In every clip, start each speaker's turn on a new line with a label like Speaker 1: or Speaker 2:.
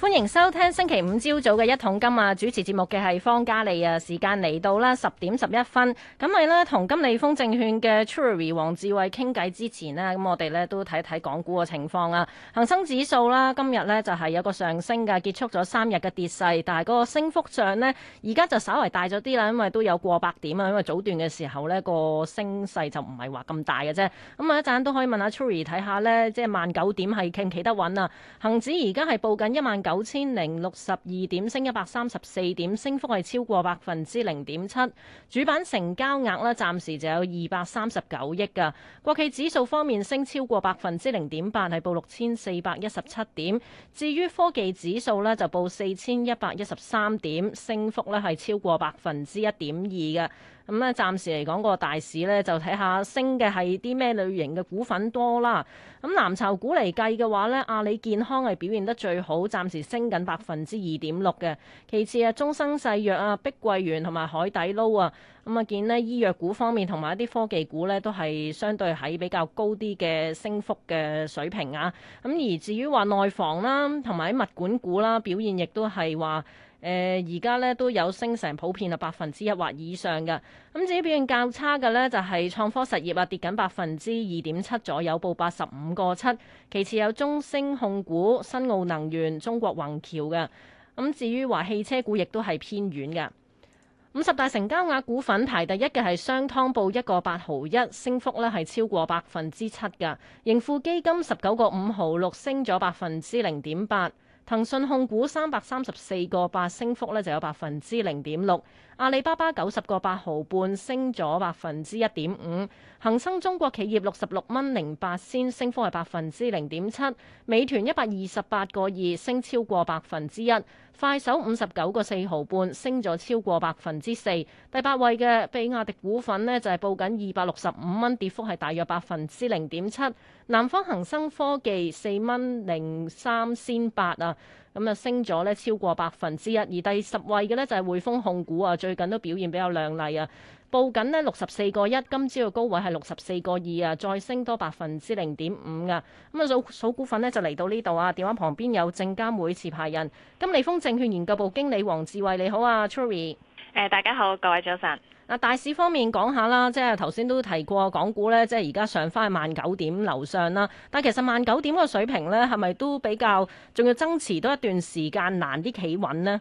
Speaker 1: 歡迎收聽星期五朝早嘅一桶金啊！主持節目嘅係方嘉利啊，時間嚟到啦，十點十一分。咁係呢，同金利豐證券嘅 Truly 黃智慧傾偈之前呢，咁我哋呢都睇睇港股嘅情況啊。恒生指數啦，今日呢就係有個上升嘅，結束咗三日嘅跌勢，但係個升幅上呢，而家就稍為大咗啲啦，因為都有過百點啊，因為早段嘅時候呢，個升勢就唔係話咁大嘅啫。咁啊一陣都可以問下 Truly 睇下呢，即係萬九點係企企得穩啊？恒指而家係報緊一萬九千零六十二點，升一百三十四點，升幅係超過百分之零點七。主板成交額咧，暫時就有二百三十九億嘅。國企指數方面，升超過百分之零點八，係報六千四百一十七點。至於科技指數咧，就報四千一百一十三點，升幅咧係超過百分之一點二嘅。咁咧，暫時嚟講個大市呢，就睇下升嘅係啲咩類型嘅股份多啦。咁藍籌股嚟計嘅話呢，阿里健康係表現得最好，暫時升緊百分之二點六嘅。其次啊，中生細藥啊、碧桂園同埋海底撈啊，咁啊見呢，醫藥股方面同埋一啲科技股呢都係相對喺比較高啲嘅升幅嘅水平啊。咁而至於話內房啦，同埋物管股啦，表現亦都係話。誒而家咧都有升成普遍啊百分之一或以上嘅，咁至於表現較差嘅咧就係、是、創科實業啊跌緊百分之二點七左右，報八十五個七。其次有中升控股、新奧能源、中國宏橋嘅。咁至於話汽車股亦都係偏軟嘅。五十大成交額股份排第一嘅係商湯，報一個八毫一，升幅咧係超過百分之七嘅。盈富基金十九個五毫六，升咗百分之零點八。騰訊控股三百三十四個八，升幅咧，就有百分之零點六。阿里巴巴九十個八毫半，升咗百分之一點五。恒生中國企業六十六蚊零八仙，升幅係百分之零點七。美團一百二十八個二，升超過百分之一。快手五十九個四毫半，升咗超過百分之四。第八位嘅比亞迪股份呢，就係報緊二百六十五蚊，跌幅係大約百分之零點七。南方恒生科技四蚊零三仙八啊。咁啊，升咗咧超過百分之一，而第十位嘅咧就係匯豐控股啊，最近都表現比較亮麗啊，報緊咧六十四個一，今朝嘅高位係六十四個二啊，再升多百分之零點五噶，咁啊數數股份呢就嚟到呢度啊，電話旁邊有證監會持牌人，金利豐證券研究部經理黃智慧，你好啊，Cherry 誒，大家好，各位早晨。嗱，大市方面講下啦，即係頭先都提過，港股咧，即係而家上翻去萬九點樓上啦。但其實萬九點個水平咧，係咪都比較仲要爭持多一段時間，難啲企穩呢？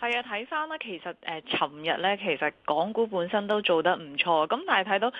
Speaker 2: 係啊，睇翻啦。其實誒，尋、呃、日咧，其實港股本身都做得唔錯，咁但係睇到誒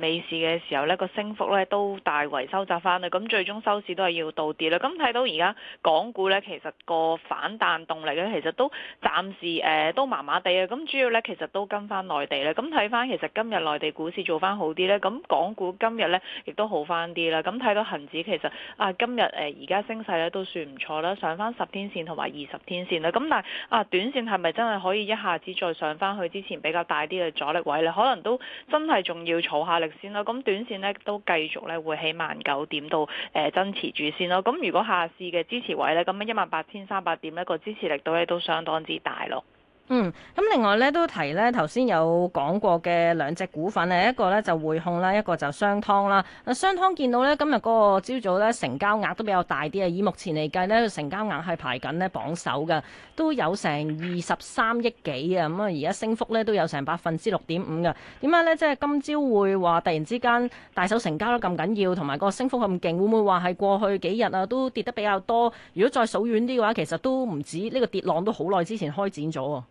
Speaker 2: 尾、呃、市嘅時候咧，個升幅咧都大為收窄翻啦，咁最終收市都係要到啲啦。咁睇到而家港股咧，其實個反彈動力咧，其實都暫時誒、呃、都麻麻地啊。咁主要咧，其實都跟翻內地咧。咁睇翻其實今日內地股市做翻好啲咧，咁港股今日咧亦都好翻啲啦。咁睇到恒指其實啊，今日誒而家升勢咧都算唔錯啦，上翻十天線同埋二十天線啦。咁但係啊短短綫係咪真係可以一下子再上翻去之前比較大啲嘅阻力位咧？可能都真係仲要儲下力先啦。咁短綫咧都繼續咧會喺萬九點到誒爭持住先咯。咁如果下市嘅支持位咧，咁一萬八千三百點一個支持力度咧都相當之大咯。
Speaker 1: 嗯，咁另外咧都提咧，頭先有講過嘅兩隻股份咧，一個咧就滙控啦，一個就商湯啦。啊，商湯見到咧今日嗰個朝早咧成交額都比較大啲啊，以目前嚟計咧成交額係排緊呢榜首嘅，都有成二十三億幾啊。咁啊，而家升幅咧都有成百分之六點五嘅。點解咧？即係今朝會話突然之間大手成交得咁緊要，同埋個升幅咁勁，會唔會話係過去幾日啊都跌得比較多？如果再數遠啲嘅話，其實都唔止呢、呢個跌浪都好耐之前開展咗。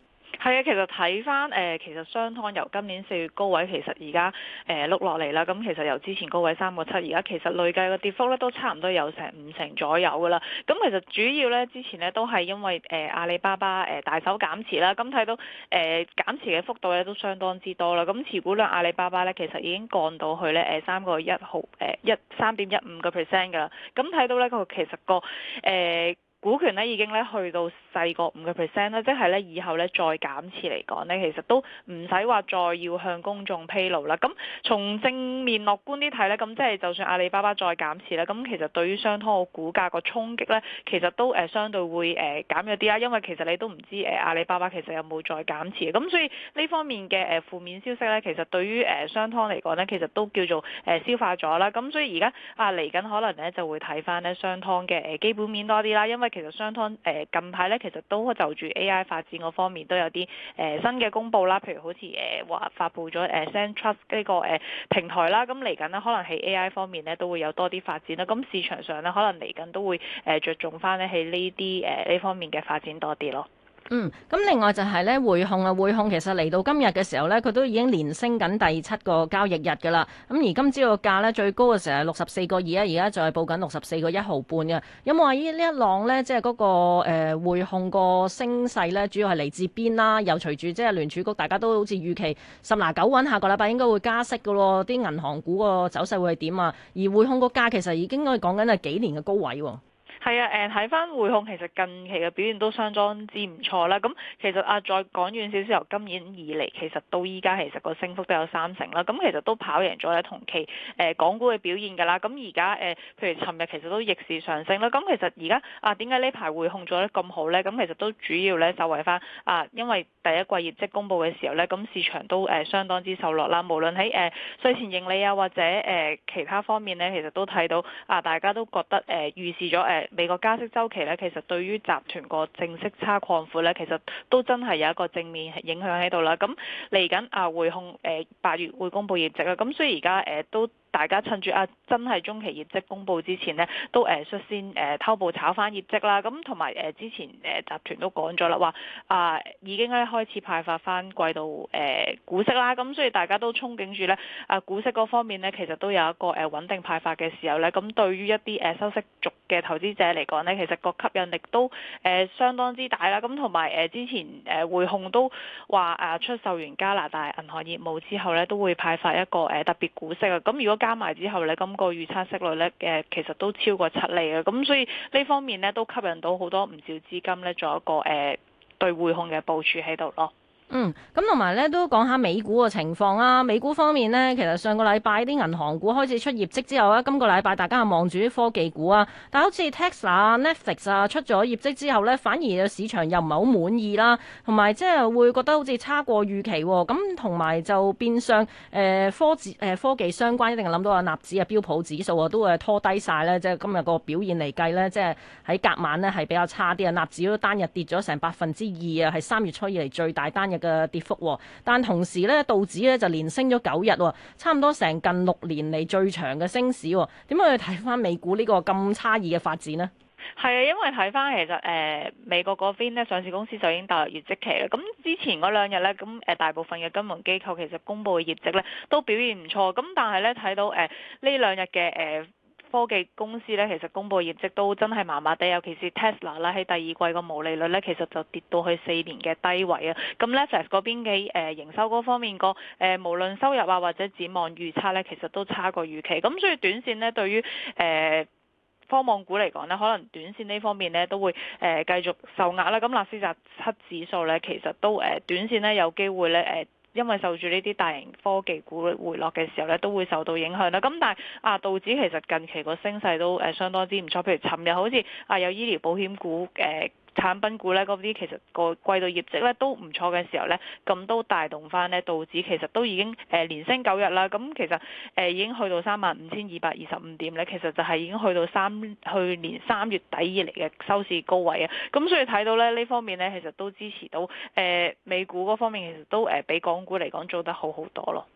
Speaker 2: 係啊，其實睇翻誒，其實商湯由今年四月高位，其實而家誒碌落嚟啦。咁、呃、其實由之前高位三個七，而家其實累計個跌幅咧都差唔多有成五成左右噶啦。咁其實主要咧之前咧都係因為誒、呃、阿里巴巴誒、呃、大手減持啦。咁睇到誒減、呃、持嘅幅度咧都相當之多啦。咁持股量阿里巴巴咧其實已經降到去咧誒三個一毫誒一三點一五個 percent 㗎啦。咁睇到咧個其實個誒。呃股權咧已經咧去到細個五個 percent 啦，即係咧以後咧再減持嚟講咧，其實都唔使話再要向公眾披露啦。咁從正面樂觀啲睇咧，咁即係就算阿里巴巴再減持咧，咁其實對於商湯個股價個衝擊咧，其實都誒相對會誒減弱啲啦，因為其實你都唔知誒阿里巴巴其實有冇再減持。咁所以呢方面嘅誒負面消息咧，其實對於誒商湯嚟講咧，其實都叫做誒消化咗啦。咁所以而家啊嚟緊可能咧就會睇翻咧商湯嘅誒基本面多啲啦，因為。其實商湯近排咧，其實都就住 A I 發展嗰方面都有啲誒、呃、新嘅公佈啦，譬如好似誒話發布咗誒 Send Trust 呢、這個誒、呃、平台啦，咁嚟緊呢，可能喺 A I 方面咧都會有多啲發展啦，咁、嗯、市場上咧可能嚟緊都會誒、呃、著重翻咧喺呢啲誒呢方面嘅發展多啲咯。
Speaker 1: 嗯，咁另外就係、是、咧匯控啊，匯控其實嚟到今日嘅時候咧，佢都已經連升緊第七個交易日㗎啦。咁而今朝個價咧最高嘅時候係六十四個二啊，而家就係報緊六十四個一毫半嘅。有冇話呢一浪咧，即係嗰、那個誒、呃、匯控個升勢咧，主要係嚟自邊啦？又隨住即係聯儲局大家都好似預期十拿九穩，下個禮拜應該會加息嘅咯，啲銀行股個走勢會係點啊？而匯控個價其實已經可以講緊係幾年嘅高位喎。
Speaker 2: 係啊，誒睇翻匯控，其實近期嘅表現都相當之唔錯啦。咁其實啊，再講遠少少由今年以嚟，其實到依家其實個升幅都有三成啦。咁其實都跑贏咗咧同期誒港股嘅表現㗎啦。咁而家誒，譬如尋日其實都逆市上升啦。咁其實而家啊，點解呢排匯控做得咁好咧？咁其實都主要咧受惠翻啊，因為第一季業績公布嘅時候咧，咁市場都誒相當之受落啦。無論喺誒稅前盈利啊，或者誒其他方面咧，其實都睇到啊，大家都覺得誒預示咗誒。美國加息周期咧，其實對於集團個淨息差擴闊咧，其實都真係有一個正面影響喺度啦。咁嚟緊啊，匯控誒八月會公佈業績啊，咁所以而家誒都。大家趁住啊，真係中期業績公布之前咧，都誒率先誒偷步炒翻業績啦。咁同埋誒之前誒集團都講咗啦，話啊已經咧開始派發翻季度誒股息啦。咁所以大家都憧憬住咧啊，股息嗰方面咧，其實都有一個誒穩定派發嘅時候咧。咁對於一啲誒收息族嘅投資者嚟講咧，其實個吸引力都誒相當之大啦。咁同埋誒之前誒匯控都話啊出售完加拿大銀行業務之後咧，都會派發一個誒特別股息啊。咁如果加埋之後咧，咁、嗰個預測息率咧嘅其實都超過七厘嘅，咁所以呢方面咧都吸引到好多唔少資金咧做一個誒、呃、對匯控嘅部署喺度咯。
Speaker 1: 嗯，咁同埋咧都講下美股嘅情況啊。美股方面呢，其實上個禮拜啲銀行股開始出業績之後啊。今個禮拜大家係望住啲科技股啊。但好似 Tesla、Netflix 啊出咗業績之後呢，反而市場又唔係好滿意啦，同埋即係會覺得好似差過預期啊。咁同埋就變相誒、呃、科技誒、呃、科技相關，一定諗到阿納指啊標普指數啊都會拖低晒呢。即係今日個表現嚟計呢，即係喺隔晚呢，係比較差啲啊。納指都單日跌咗成百分之二啊，係三月初以嚟最大單日。嘅跌幅，但同時咧，道指咧就連升咗九日，差唔多成近六年嚟最長嘅升市。點解我睇翻美股呢個咁差異嘅發展呢？
Speaker 2: 係啊，因為睇翻其實誒、呃、美國嗰邊咧，上市公司就已經踏入業績期啦。咁之前嗰兩日咧，咁、呃、誒大部分嘅金融機構其實公布嘅業績咧都表現唔錯。咁但係咧睇到誒呢兩日嘅誒。呃科技公司咧，其實公布業績都真係麻麻地，尤其是 Tesla 咧，喺第二季個毛利率咧，其實就跌到去四年嘅低位啊。咁 Netflix 嗰邊嘅誒營收嗰方面個誒、呃，無論收入啊或者展望預測咧，其實都差過預期。咁所以短線呢，對於誒科網股嚟講呢，可能短線呢方面呢，都會誒繼、呃、續受壓啦。咁納斯達克指數咧，其實都誒、呃、短線呢，有機會咧誒。呃因為受住呢啲大型科技股回落嘅時候咧，都會受到影響啦。咁但係啊，道指其實近期個升勢都誒、呃、相當之唔錯，譬如尋日好似啊有醫療保險股誒。呃產品股咧嗰啲其實個季度業績咧都唔錯嘅時候咧，咁都帶動返咧道指其實都已經誒連升九日啦。咁其實誒已經去到三萬五千二百二十五點咧，其實就係已經去到三去年三月底以嚟嘅收市高位嘅。咁所以睇到咧呢方面咧，其實都支持到誒、呃、美股嗰方面，其實都誒比港股嚟講做得好好多咯。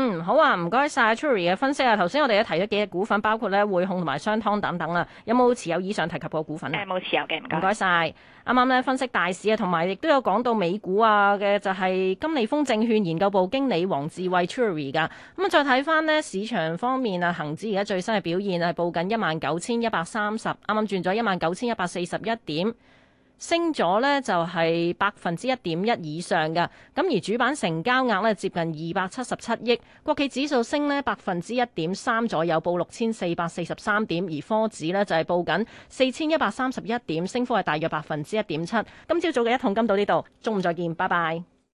Speaker 1: 嗯，好啊，唔該晒 Trury 嘅分析啊。頭先我哋都提咗幾隻股份，包括咧匯控同埋商湯等等啦。有冇持有以上提及過股份咧？誒，冇持有嘅，唔該。唔該晒。啱啱咧分析大市啊，同埋亦都有講到美股啊嘅，就係、是、金利豐證券研究部經理黃智慧 Trury 噶。咁、嗯、啊，再睇翻呢市場方面啊，恒指而家最新嘅表現係報緊一萬九千一百三十，啱啱轉咗一萬九千一百四十一點。升咗呢就係百分之一點一以上嘅，咁而主板成交額呢接近二百七十七億，國企指數升呢百分之一點三左右，報六千四百四十三點，而科指呢就係報緊四千一百三十一點，升幅係大約百分之一點七。今朝早嘅一桶金到呢度，中午再見，拜拜。